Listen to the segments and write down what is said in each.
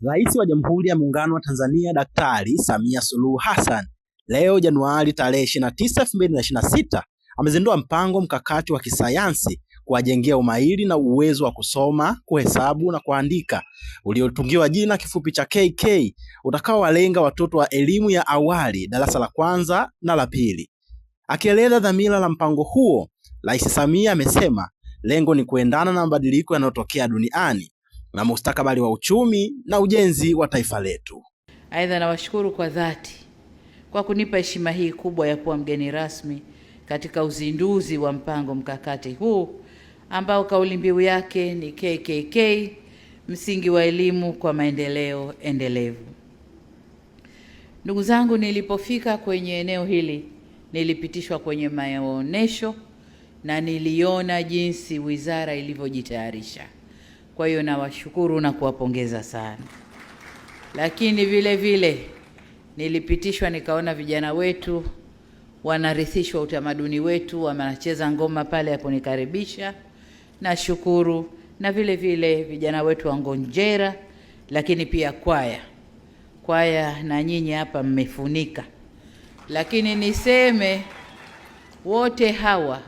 Rais wa Jamhuri ya Muungano wa Tanzania Daktari Samia Suluhu Hassan leo Januari tarehe 29, 2026 amezindua mpango mkakati wa kisayansi kuwajengea umahiri na uwezo wa kusoma, kuhesabu na kuandika uliotungiwa jina kifupi cha KK utakaowalenga watoto wa elimu ya awali, darasa la kwanza na la pili. Akieleza dhamira la mpango huo, Rais Samia amesema lengo ni kuendana na mabadiliko yanayotokea duniani na mustakabali wa uchumi na ujenzi wa taifa letu. Aidha, nawashukuru kwa dhati kwa kunipa heshima hii kubwa ya kuwa mgeni rasmi katika uzinduzi wa mpango mkakati huu ambao kauli mbiu yake ni KKK msingi wa elimu kwa maendeleo endelevu. Ndugu zangu, nilipofika kwenye eneo hili nilipitishwa kwenye maonyesho na niliona jinsi wizara ilivyojitayarisha. Kwa hiyo nawashukuru na kuwapongeza sana. Lakini vile vile nilipitishwa nikaona vijana wetu wanarithishwa utamaduni wetu, wanacheza ngoma pale, hapo nikaribisha, nashukuru. Na vile vile vijana wetu wa Ngonjera, lakini pia kwaya kwaya, na nyinyi hapa mmefunika, lakini niseme wote hawa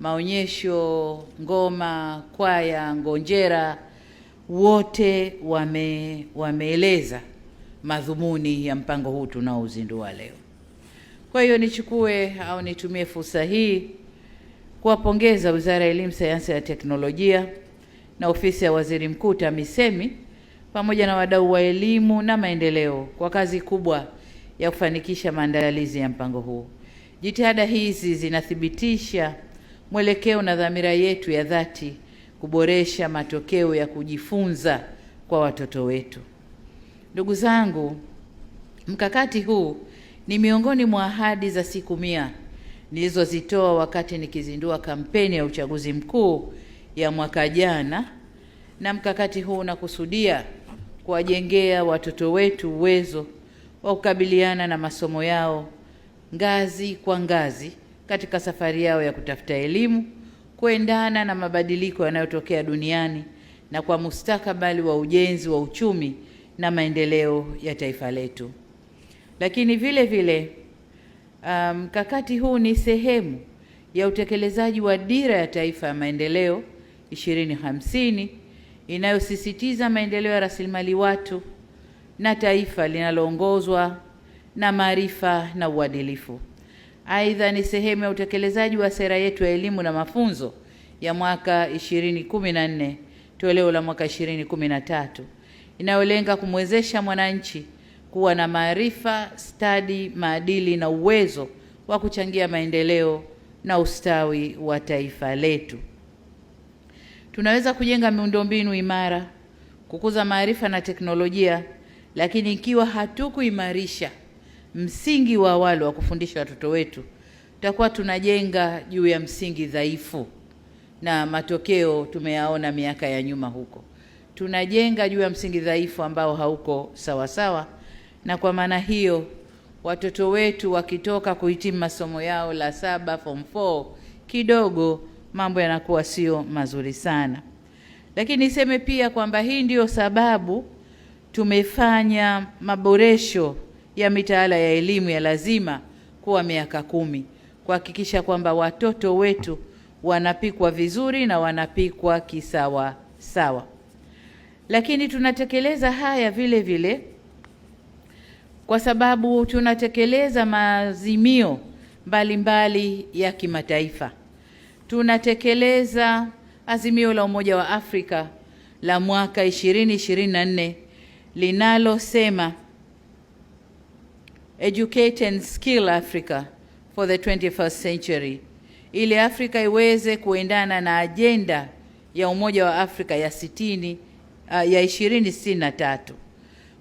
maonyesho, ngoma, kwaya, ngonjera, wote wame wameeleza madhumuni ya mpango huu tunaouzindua leo. Kwa hiyo nichukue au nitumie fursa hii kuwapongeza Wizara ya Elimu, Sayansi na Teknolojia na Ofisi ya Waziri Mkuu TAMISEMI pamoja na wadau wa elimu na maendeleo kwa kazi kubwa ya kufanikisha maandalizi ya mpango huu. Jitihada hizi zinathibitisha mwelekeo na dhamira yetu ya dhati kuboresha matokeo ya kujifunza kwa watoto wetu. Ndugu zangu, mkakati huu ni miongoni mwa ahadi za siku mia nilizozitoa wakati nikizindua kampeni ya uchaguzi mkuu ya mwaka jana, na mkakati huu unakusudia kuwajengea watoto wetu uwezo wa kukabiliana na masomo yao ngazi kwa ngazi katika safari yao ya kutafuta elimu kuendana na mabadiliko yanayotokea duniani na kwa mustakabali wa ujenzi wa uchumi na maendeleo ya taifa letu. Lakini vile vile um, mkakati um, huu ni sehemu ya utekelezaji wa dira ya taifa ya maendeleo 2050 inayosisitiza maendeleo ya rasilimali watu na taifa linaloongozwa na maarifa na uadilifu. Aidha, ni sehemu ya utekelezaji wa sera yetu ya elimu na mafunzo ya mwaka 2014 toleo la mwaka 2013 inayolenga kumwezesha mwananchi kuwa na maarifa, stadi, maadili na uwezo wa kuchangia maendeleo na ustawi wa taifa letu. Tunaweza kujenga miundombinu imara, kukuza maarifa na teknolojia, lakini ikiwa hatukuimarisha msingi wa awali wa kufundisha watoto wetu, tutakuwa tunajenga juu ya msingi dhaifu, na matokeo tumeyaona miaka ya nyuma huko. Tunajenga juu ya msingi dhaifu ambao hauko sawasawa sawa, na kwa maana hiyo watoto wetu wakitoka kuhitimu masomo yao la saba form 4 kidogo mambo yanakuwa sio mazuri sana, lakini niseme pia kwamba hii ndiyo sababu tumefanya maboresho ya mitaala ya elimu ya lazima kuwa miaka kumi, kuhakikisha kwamba watoto wetu wanapikwa vizuri na wanapikwa kisawa sawa. Lakini tunatekeleza haya vile vile kwa sababu tunatekeleza maazimio mbalimbali ya kimataifa. Tunatekeleza azimio la Umoja wa Afrika la mwaka 2024 linalosema Educate and Skill Africa for the 21st Century, ili Afrika iweze kuendana na ajenda ya Umoja wa Afrika ya sitini, uh, ya ishirini sitini na tatu.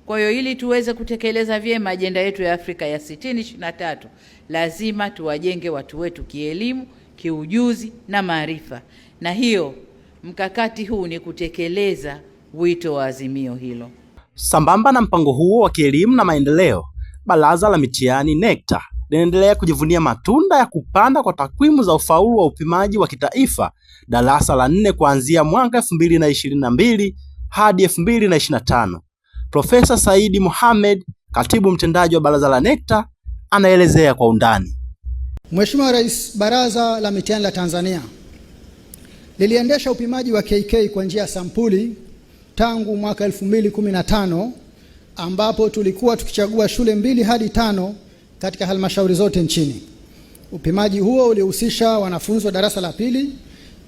Kwa hiyo ili tuweze kutekeleza vyema ajenda yetu ya Afrika ya sitini ishirini na tatu, lazima tuwajenge watu wetu kielimu, kiujuzi na maarifa, na hiyo mkakati huu ni kutekeleza wito wa azimio hilo. Sambamba na mpango huo wa kielimu na maendeleo Baraza la Mitihani NECTA linaendelea kujivunia matunda ya kupanda kwa takwimu za ufaulu wa upimaji wa kitaifa darasa la nne kuanzia mwaka 2022 hadi 2025. Profesa Saidi Mohamed, katibu mtendaji wa baraza la NECTA, anaelezea kwa undani. Mheshimiwa Rais, Baraza la Mitihani la Tanzania liliendesha upimaji wa KK kwa njia ya sampuli tangu mwaka 2015 ambapo tulikuwa tukichagua shule mbili hadi tano katika halmashauri zote nchini. Upimaji huo ulihusisha wanafunzi wa darasa la pili,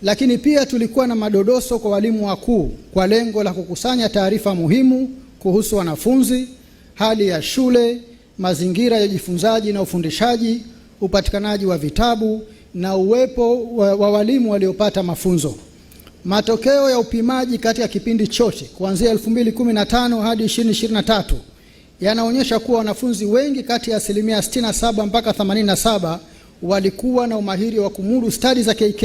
lakini pia tulikuwa na madodoso kwa walimu wakuu kwa lengo la kukusanya taarifa muhimu kuhusu wanafunzi, hali ya shule, mazingira ya ujifunzaji na ufundishaji, upatikanaji wa vitabu na uwepo wa walimu waliopata mafunzo. Matokeo ya upimaji katika kipindi chote kuanzia 2015 hadi 2023 yanaonyesha kuwa wanafunzi wengi kati ya asilimia 67 mpaka 87 walikuwa na umahiri wa kumudu stadi za KK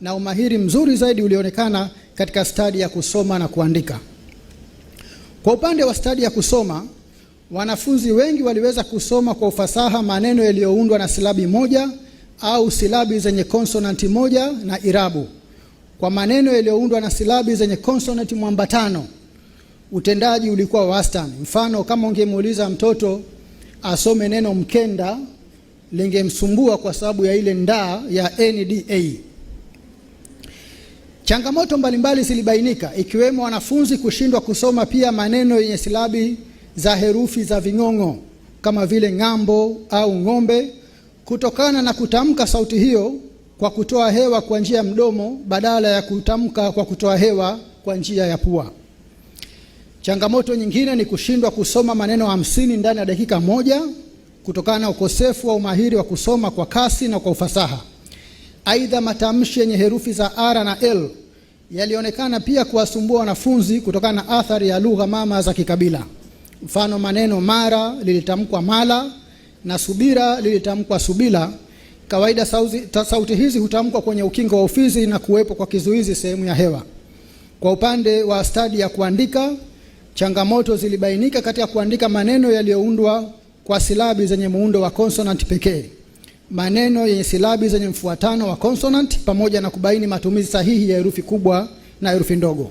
na umahiri mzuri zaidi ulionekana katika stadi ya kusoma na kuandika. Kwa upande wa stadi ya kusoma, wanafunzi wengi waliweza kusoma kwa ufasaha maneno yaliyoundwa na silabi moja au silabi zenye konsonanti moja na irabu kwa maneno yaliyoundwa na silabi zenye konsonanti mwambatano. Utendaji ulikuwa wastani. Mfano, kama ungemuuliza mtoto asome neno mkenda, lingemsumbua kwa sababu ya ile ndaa ya nda. Changamoto mbalimbali zilibainika, ikiwemo wanafunzi kushindwa kusoma pia maneno yenye silabi za herufi za ving'ong'o kama vile ng'ambo au ng'ombe, kutokana na kutamka sauti hiyo kwa kutoa hewa kwa njia ya mdomo badala ya kutamka kwa kutoa hewa kwa njia ya pua. Changamoto nyingine ni kushindwa kusoma maneno hamsini ndani ya dakika moja kutokana na ukosefu wa umahiri wa kusoma kwa kasi na kwa ufasaha. Aidha, matamshi yenye herufi za R na L yalionekana pia kuwasumbua wanafunzi kutokana na athari ya lugha mama za kikabila. Mfano, maneno mara lilitamkwa mala na subira lilitamkwa subila Kawaida sauti, sauti hizi hutamkwa kwenye ukingo wa ufizi na kuwepo kwa kizuizi sehemu ya hewa. Kwa upande wa stadi ya kuandika, changamoto zilibainika katika kuandika maneno yaliyoundwa kwa silabi zenye muundo wa consonant pekee, maneno yenye silabi zenye mfuatano wa consonant, pamoja na kubaini matumizi sahihi ya herufi kubwa na herufi ndogo.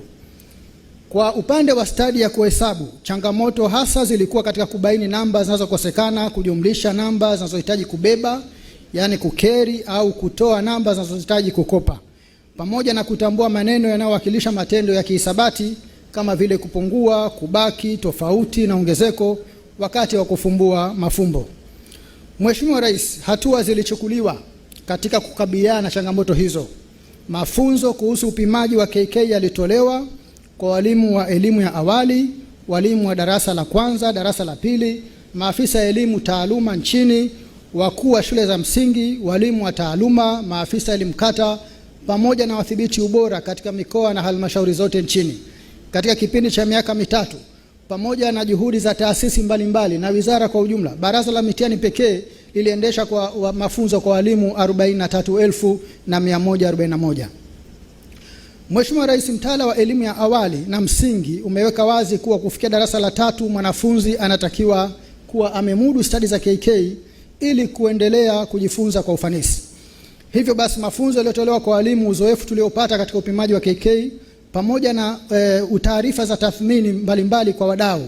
Kwa upande wa stadi ya kuhesabu, changamoto hasa zilikuwa katika kubaini namba zinazokosekana, kujumlisha namba zinazohitaji kubeba yani kukeri au kutoa namba zinazohitaji kukopa, pamoja na kutambua maneno yanayowakilisha matendo ya kihisabati kama vile kupungua, kubaki, tofauti na ongezeko wakati wa kufumbua mafumbo. Mheshimiwa Rais, hatua zilichukuliwa katika kukabiliana na changamoto hizo. Mafunzo kuhusu upimaji wa KK yalitolewa kwa walimu wa elimu ya awali, walimu wa darasa la kwanza, darasa la pili, maafisa elimu taaluma nchini wakuu wa shule za msingi, walimu wa taaluma, maafisa elimu kata, pamoja na wadhibiti ubora katika mikoa na halmashauri zote nchini katika kipindi cha miaka mitatu, pamoja na juhudi za taasisi mbalimbali mbali na wizara kwa ujumla, baraza la mitihani pekee liliendesha kwa mafunzo kwa walimu 43,141. Mheshimiwa Rais, mtaala wa elimu ya awali na msingi umeweka wazi kuwa kufikia darasa la tatu mwanafunzi anatakiwa kuwa amemudu stadi za KK ili kuendelea kujifunza kwa ufanisi. Hivyo basi mafunzo yaliyotolewa kwa walimu, uzoefu tuliopata katika upimaji wa KK pamoja na e, eh, taarifa za tathmini mbalimbali mbali kwa wadau,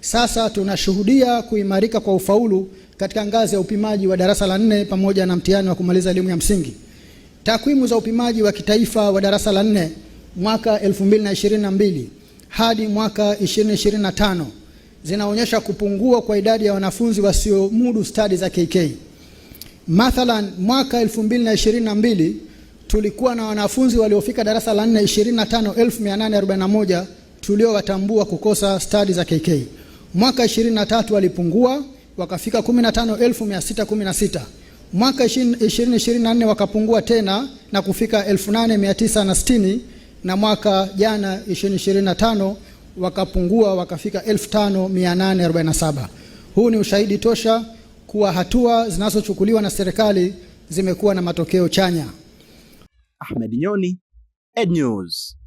sasa tunashuhudia kuimarika kwa ufaulu katika ngazi ya upimaji wa darasa la nne pamoja na mtihani wa kumaliza elimu ya msingi. Takwimu za upimaji wa kitaifa wa darasa la nne mwaka 2022 hadi mwaka 2025 zinaonyesha kupungua kwa idadi ya wanafunzi wasiomudu stadi za KK. Mathalan, mwaka 2022 tulikuwa na wanafunzi waliofika darasa la 4 25841 tuliowatambua kukosa stadi za KK. Mwaka 23 walipungua wakafika 15616. Mwaka 2024 wakapungua tena na kufika 8960 na mwaka jana 2025 wakapungua wakafika 5847. Huu ni ushahidi tosha kuwa hatua zinazochukuliwa na serikali zimekuwa na matokeo chanya. Ahmed Nyoni, Ed News.